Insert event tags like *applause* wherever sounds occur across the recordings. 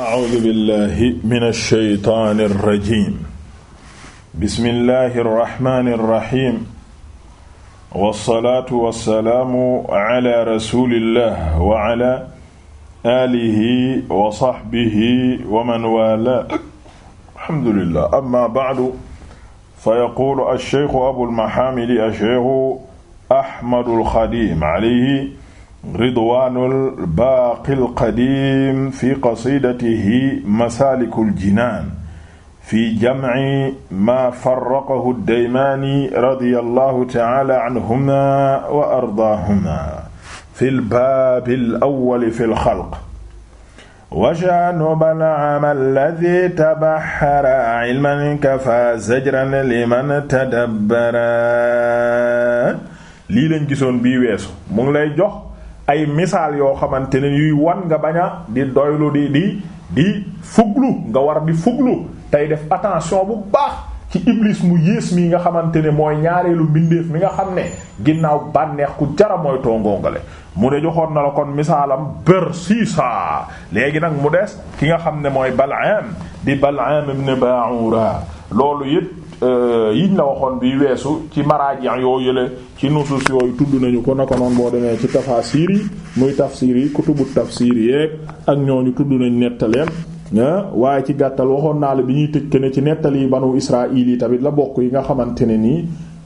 a'uuzu billahi mina shaytaani rajiim bismillahi rahmaani rahiim wassalaatu wassalaamu ala rasuulillah wa ala aalihi wa sahbihi wa man waalaahu alhamdulillah amma ba'du fa yaquulu ash-shaykhu abul mahaamidi ash-shaykhu Ahmadul Xadiim alayhi ridwaanul baaqil qadiim fi qasiidatihi masaalikul jinaan fi jamci maa farraqahu daymaani radiyallahu ta'aala anhumaa wa ardaahumaa fil baabil awwali fil xalq. wa sha'nu Bal'aam alladhii tabahhara 'ilman kafaa zajran liman tadabbara. lii lañ gisoon bii weesu mu ngi lay jox. ay misaal yoo xamante ne yuy wan nga bañ a di doylu di di di fuglu nga war di fuglu tey def attention bu baax ci iblis mu yées mii nga xamante ne mooy ñaareelu mbindeef mi nga xam ne ginnaaw bànneex ku jara mooy tongoongale mu ne joxoon na la kon misaalam Bersiisa léegi nag mu des ki nga xam ne mooy Bal'am di Bal'am ibn Ba'ura loolu yépp Euh, yiñ la waxoon bi weesu ci maraaji yoo yële ci nusus yooyu tudd nañu ko naka noonu boo demee ci tafaasiir yi muy tafsiir yi kutubu tafsiir yeeg ak ñoo ñu tudd nañ nettaleen ah, waaye ci gàttal waxoon naa la bi ñuy tëj ne ci nettali banu Israaïl yi tamit la bokk yi nga xamante ne nii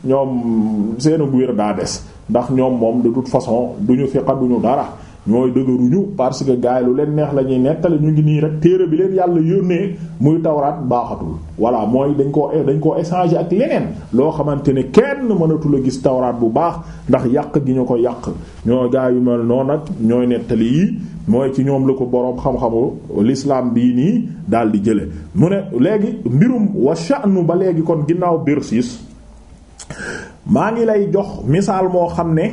ñoom seenu wér daa des ndax ñoom moom de toute façon duñu fiqa duñu dara ñooy dëgëruñu parce que gars yi lu leen neex la ñuy nettali ñu ngi nii rek téere bi leen yàlla yónnee muy tawraat baaxatul voilà mooy dañ koo dañ koo échanger ak leneen loo xamante ne kenn mënatul a gis tawraat bu baax ndax yàq gi ñu ko yàq ñoo gars yu mel noonu nag ñooy nettali yi mooy ci ñoom la ko boroom xam-xamu l'islam bii nii daal di jële mu ne léegi mbirum wa sha'nu ba léegi kon ginnaaw Birsis maa ngi lay jox misaal moo xam ne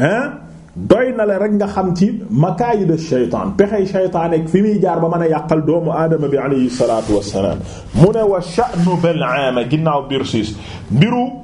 hein doy na la rek nga xam ci makaayidu shaytaan pexey shaytaan ak fi muy jaar ba mën a yàqal doomu aadama bi alayhi salaatu wassalaam mu ne wa sha'nu Bal'aam ginnaaw Birsiis mbiru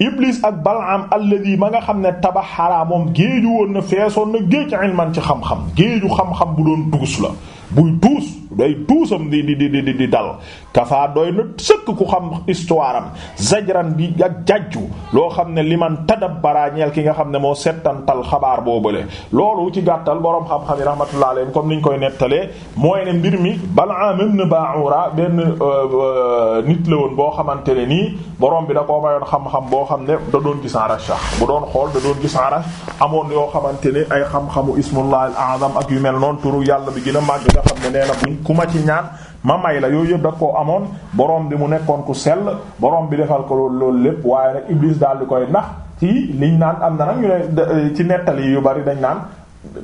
Iblis ak Bal'aam alladi ma nga xam ne tabaxaraa moom géeju woon na feesoon na géej ilman ci xam-xam géeju xam bu doon tuus la buy tuus doy tuusam di di di di dal kafaa doy na sëkk ku xam histoire am zajran bi ak jajju loo xam ne liman tadabbara ñeel ki nga xam ne moo setantal xabaar boobu le loolu ci gàttal boroom xam-xam yi rahmatullah alayhim comme niñ koy nettalee mooy ne mbir mi Bal'am ibn Ba'ura benn euh, euh, nit la woon boo xamante ne nii borom bi da koo mayoon xam-xam boo xam ne da doon gis aracha bu doon xool da doon gis aracha amoon yoo xamante ne ay xam-xamu ismullah al-a'zam ak yu mel noonu turu yàlla bi gën a màgg nga xam ne nee na buñ ku ma ci ñaan ma may la yooyu yëpp da koo amoon borom bi mu nekkoon ku sell borom bi defal ko loolu lépp waaye rek Iblis daal di koy nax ci liñ naan am na nag ñu ne ci nettali yu bari dañ naan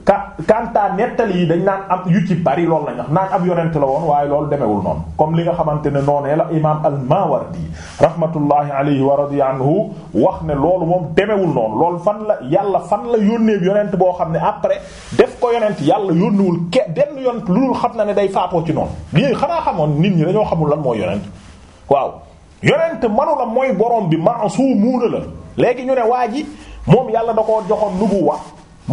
ka kanta nettali yi dañ naan am yu ci bari loolu lañ wax naan ab yonent la woon waaye loolu demewul noonu comme li nga xamante ne noonee la imaam al-Mawardi rahmatullahi alayhi wa radiya anhu wax ne loolu moom demewul noonu loolu fan la yàlla fan la yónneeb yonent boo xam ne après def ko yonent yàlla yónniwul ke denn yonent lu dul xam na ne day faatoo ci noonu lii xanaa xamoon nit ñi dañoo xamul lan mooy yonent waaw yonent manu la mooy borom bi ma'suumuuna la léegi ñu ne waa ji moo yàlla da koo joxoon nubuwa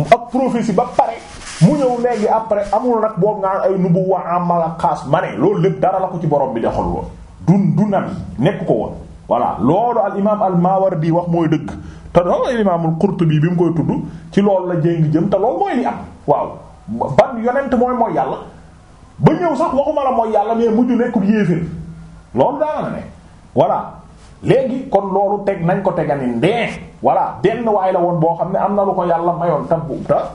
ab prophétie ba pare mu ñëw léegi après amul nag boobu nga ay nubu wa amala xaas ma ne loolu lépp dara la ko ci borom bi dexal woon dun dunam nekk ko woon voilà loolu al imam al Mawardi wax mooy dëgg te loolu al imam al Qurtubi bi mu koy tudd ci loolu la jéngi jëm te loolu mooy li am waaw ban yonent mooy mooy yàlla ba ñëw sax waxuma la mooy yàlla mais mujj nekkul yéeféer loolu daana na ne voilà léegi kon loolu teg nañ ko tegani ndee voilà benn waay la woon boo xam ne am na lu ko yàlla mayoon tabbu ta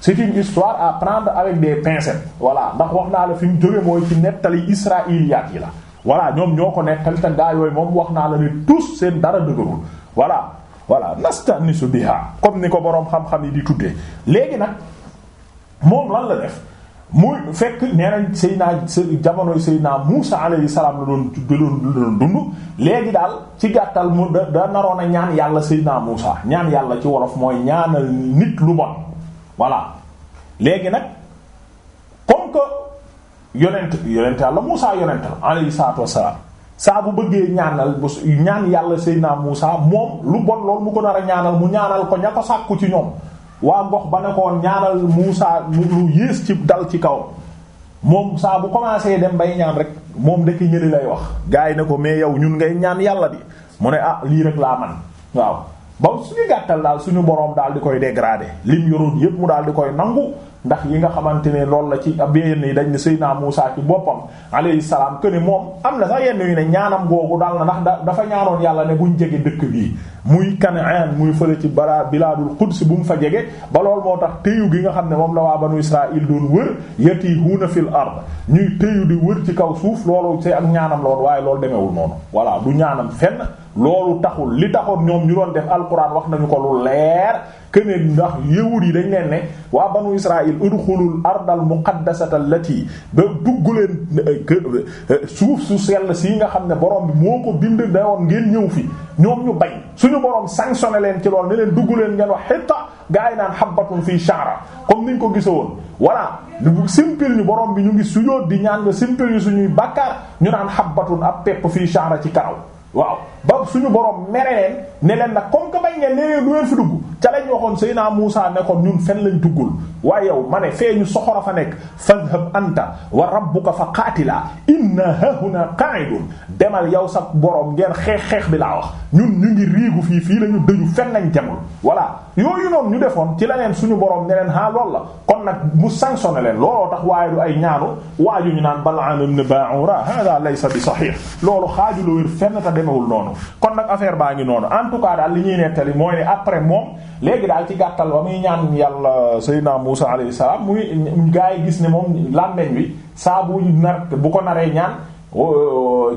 c'est une histoire à prendre avec des pincettes voilà ndax wax naa la fi mu jóge mooy ci nettali israiliyaat yi la voilà ñoom ñoo ko nettali te gaa yooy moom wax naa la ne tous seen dara dëgërul voilà voilà nastanisu biha comme ni ko boroom xam-xam yi di tuddee léegi nag moom lan la def muy fekk nee nañ Seydina jamonoy Seydina Muusa alayhi salaam la doon la doon dund léegi daal ci gàttal mu da da naroon a ñaan yàlla Seydina Muusa ñaan yàlla ci wolof mooy ñaanal nit lu bon voilà léegi nag comme que yonent yonent yàlla Muusa yonent la alayhi salaatu wassalaam saa bu bëggee ñaanal bu ñaan yàlla naa Muusa moom lu bon loolu mu ko nar a ñaanal mu ñaanal ko ña ko sàkku ci ñoom waa gox ba ne ko ñaanal saa lu yées ci dal ci kaw moom saa bu commencé dem bay ñaan rek moom dëkk ñëli lay wax gars yi ne ko mais yow ñun ngay ñaan yàlla bi mu ne ah lii rek laa man waaw ba suñu gàttal daal suñu boroom daal di koy dégradé lim yoroon yépp mu daal di koy nangu ndax yi nga xamante ne loolu la ci yenn yi dañ ne Seydina Muusaa ci boppam alayhi salaam que moom am na sa yenn yu ne ñaanam googu daal na ndax dafa ñaanoon yàlla ne buñ jege dëkk bii muy Kanaan muy fële ci balaa bilaadul Quds bu mu fa jege ba loolu moo tax téyu gi nga xam ne moom la waa banu Israaïl doon wër yatiihuuna fil ard ñuy téyu di wër ci kaw suuf loolu see ak ñaanam la waaye loolu demewul noonu voilà du ñaanam fenn loolu taxul li taxoon ñoom ñu doon def alquran wax nañu ko lu leer keneen ndax yawut yi dañ leen ne waa banu israil udxulul ardal muqaddasata allati ba dugg leen eh, eh, suuf su sell si nga xam ne borom bi moo ko bind dawoon ngeen ñëw fii ñoom ñu bañ suñu borom sanctionné leen ci lool ne leen dugg leen ngeen wax xitta gaa yi naan xabatun fii sha'ra comme ñu ko gisawoon voilà simple ñu borom bi ñu ngi sujóot di ñaan nga simple ñu suñuy bàkkaar ñu naan xabatun ab pepp fii sha'ra ci karaw waaw ba suñu borom mere leen ne leen nag bañ ngeen ne leen du ngeen fi dugg ca lañ waxoon Seydina Muusaa ne ko ñun fen lañ duggul waaye yow ma ne fee ñu soxora fa nekk fadhab anta wa rabbuka fa qaatila inna hahuna qa'idun demal yow sa borom ngeen xeex xeex bi laa wax ñun ñu ngi riigu fii fii la ñu dëju fen lañ jamul voilà yooyu noonu ñu defoon ci la leen suñu borom ne leen haa lool la kon nag mu sanctionné leen looloo tax waaye du ay ñaanu waaju ñu naan Bal'am ibn Ba'ura hada laysa bi sahih loolu xaaju la wér fenn ta demewul noonu kon nag affaire baa ngi noonu en tout cas daal li ñuy nettali mooy ne après moom léegi daal ci gàttal ba muy ñaan yàlla Seydina Musa alayhi salaam muy gaa yi gis ne moom làmmeñ wi saa bu nar bu ko naree ñaan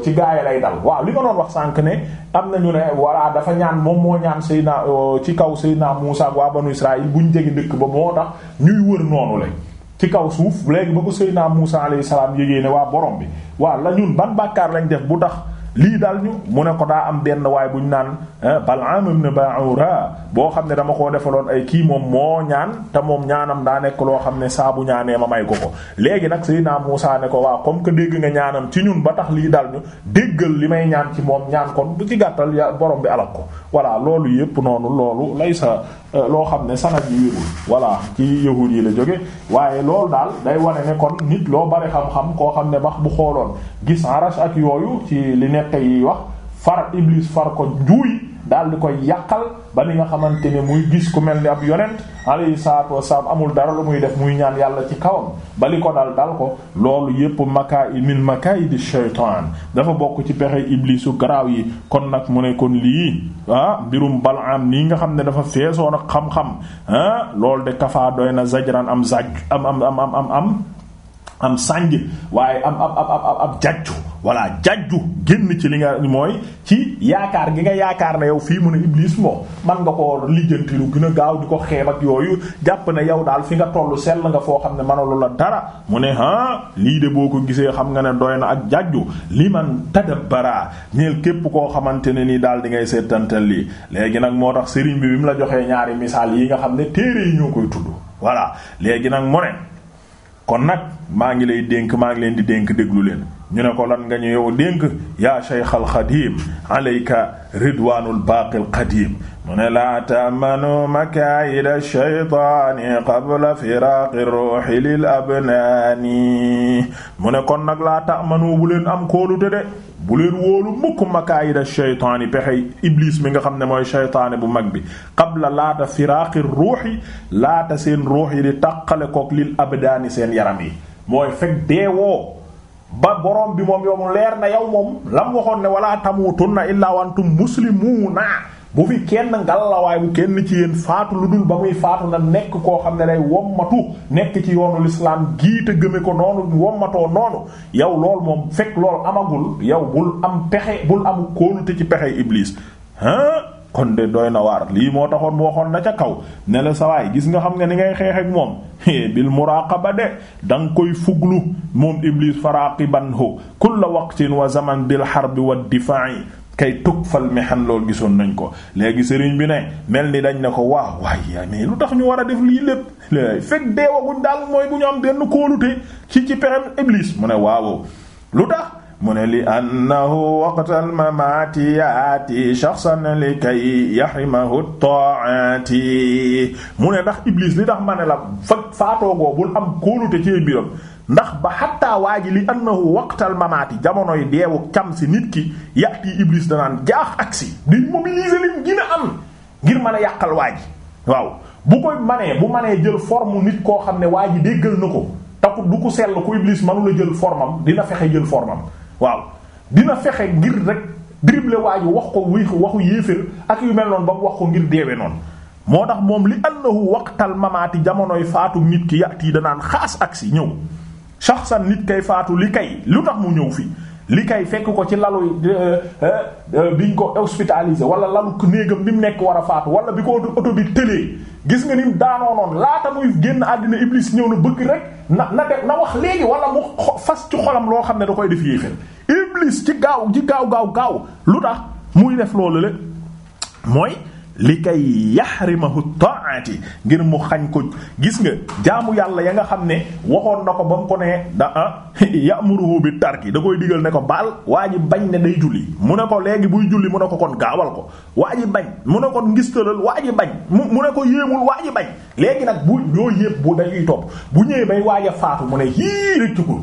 ci gaa yi lay dal waaw li ma doon wax sànq ne am na ñu ne voilà dafa ñaan moom moo ñaan Seydina ci kaw Seydina Musa ak waa banu bu buñ jege dëkk ba moo tax ñuy wër noonu lañ. ci kaw suuf léegi ba ko Seydina Musa alayhi salaam yégée ne waa borom bi waaw la bu tax lii daal ñu mu ne ko daa am benn waaye bu ñu naan eh, Bal'am ba Ba'ura boo xam ne dama koo defaloon ay kii moom moo ñaan te moom ñaanam daa nekk loo xam ne saabu bu ñaanee ma may ko ko léegi nag naa Muusaa ne ko waa comme que dégg nga ñaanam ci ñun ba tax lii daal ñu déggal li may ñaan ci moom ñaan kon bu ci gàttal ya borom bi alal ko voilà loolu yépp noonu loolu lay sa eh, loo xam ne sanad yi wérul voilà ci yahuud yi la jóge waaye loolu daal day wane ne kon loo xam-xam koo xam ne bax bu xooloon netta yi wax far iblis far ko njuuy daal di ko yàqal ba li nga xamante ne muy gis ku mel ni ab yonent yi salaatu wasalaam amul dara lu muy def muy ñaan yàlla ci kawam bali ko dal dal ko loolu yépp makaay min makaayidi shaytaan dafa bokk ci pexe iblisu garaaw yi kon nag mu ne kon lii ah mbirum Balaam ni nga xam ne dafa feesoon ak xam-xam ah loolu de kafaa doy na zajran am zaj am am am am sànj waaye am am am jàccu voilà jajju génn ci li nga mooy ci yaakaar gi nga yaakaar ne yow fii mu ne Iblis moo man nga ko lijjanti lu gën a gaaw di ko xeeb ak yooyu jàpp ne yow daal fi nga tollu sell nga foo xam ne mënalu la dara mu ne ah lii de boo ko gisee xam nga ne doy na ak jajju li man tadabbara ñeel képp koo xamante ne nii daal di ngay seetantal lii léegi nag moo tax sëriñ bi bi mu la joxee ñaari misaal yi nga xam ne téere yi ñoo koy tudd voilà léegi nag mu ne kon nag maa ngi lay dénk maa ngi leen di dénk déglu leen ñu ne ko lan nga ñu yow dénk yaa Cheikh al Xadim alayka ridwanul baaqil qadim mu ne laa taamanu makaayida shaytaani qabla firaaqi ruuxi lil abnaani mu ne kon nag laa taamanu bu leen am kóolute de bu leen wóolu mukk makaayida shaytaani pexey iblis mi nga xam ne mooy shaytaani bu mag bi qabla laata firaaqi ruuxi laata seen ruux yi di taqale kook lil abdaani seen yaram yi mooy fekk deewoo ba borom bi moom yow leer na yow moom lam waxoon ne wala tamuutunna illaa wa antum muslimuuna bu fi kenn ngalawaay bu kenn ci yéen faatu lu dul ba muy faatu na nekk koo xam ne day wommatu nekk ci yoonu lislaam gii te gëme ko noonu wommatoo noonu yow lool moom fekk lool amagul yow bul am pexe bul am kóolute ci pexe iblis ah kon de doy na waar lii moo taxoon mu waxoon na ca kaw ne la sawaay gis nga xam nga ni ngay xeex ak moom bil muraqaba de da koy fuglu moom iblis faraqibanhu kulla waqtin wa zaman bil bi wa difa'i kay tug fal mihan loolu gisoon nañ ko léegi sëriñ bi ne mel ni dañ ne ko waaw waaye mais lu tax ñu war a def lii lépp léegi fekk deewaguñ daal mooy bu ñu am benn kóolute ci ci pexem iblis mu ne waaw lu tax mu ne li annahu waqtal mamaati yaati shaxsan li kay yahrimahu taati mu ne ndax iblis li tax mane la fa faatoogoo bul am kóolute ci biiram ndax ba xattaa waa ji li annahu waqtal mamaati jamonoy deewu cam si nit ki yaati iblis danaan jaax aksi di mobiliser lim a am ngir mën a yàqal waa waaw bu koy manee bu manee jël forme nit koo xam ne waa ji déggal na ko takku du ko sell ku iblis mënu la jël formam dina fexe jël formam waaw dina fexe ngir rek dribble waaju wax ko wii waxu yéeféer ak yu mel noon ba mu wax ko ngir deewe noonu moo tax moom li annahu waqtal mamaati jamonoy faatu nit ki yàtt yi danaan xaas agsi ñëw saxsan nit kay faatu li kay lu tax mu ñëw fii li kay fekk ko ci lalu euh, euh, euh, biñ ko hospitalisé wala lalu néegam bi mu nekk war a faatu wala bi ko oto bi tëlee gis nga ni mu daanoo laata muy génn àddina iblis ñëw na bëgg rek na na def na wax léegi wala mu fas ci xolam loo xam ne da koy def yéefér iblis ci gaaw ci gaaw gaaw gaaw lu tax muy def loolu le mooy li kay ma yaxrimahu taati ngir mu xañ ko gis nga jaamu yàlla ya nga xam ne waxoon na ko ba mu ko ne da ah *laughs* ya'muruhu bi tarki da koy digal ne ko baal waa ji bañ ne day julli mu ne ko léegi buy julli mu ne ko kon gaawal ko waa ji bañ mu ne kon ngistalal waa ji bañ mu ne ko yéemul waa ji bañ léegi nag bu yoo yépp bu dañuy topp bu ñëwee bay waaj faatu mu ne yii rëccu ko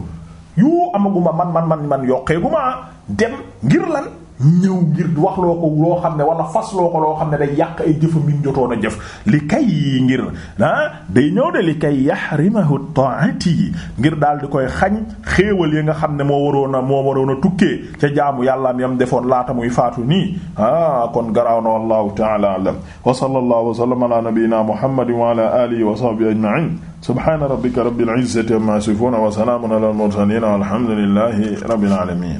yu amaguma man man man man yokkeeguma dem ngir lan ñëw ngir waxloo ko loo xam ne wala fasloo ko loo xam ne day yàq ay jëfa min jotoon a jëf li kay yi ngir ah day ñëw de li kay yahrimahu ta'ati yi ngir daal di koy xañ xéewal yi nga xam ne moo waroon a moo waroon a tukkee ca jaamu yàllaam yam defoon laata muy faatu nii ah kon garaaw na wallahu ta'ala a'lam wa sallallahu wa sallama ala nabiyyina muhammadin wa ala alihi wa sahbihi ajma'in subhana rabbika rabbil izzati amma yasifun wa salamun ala al mursalin walhamdulillahi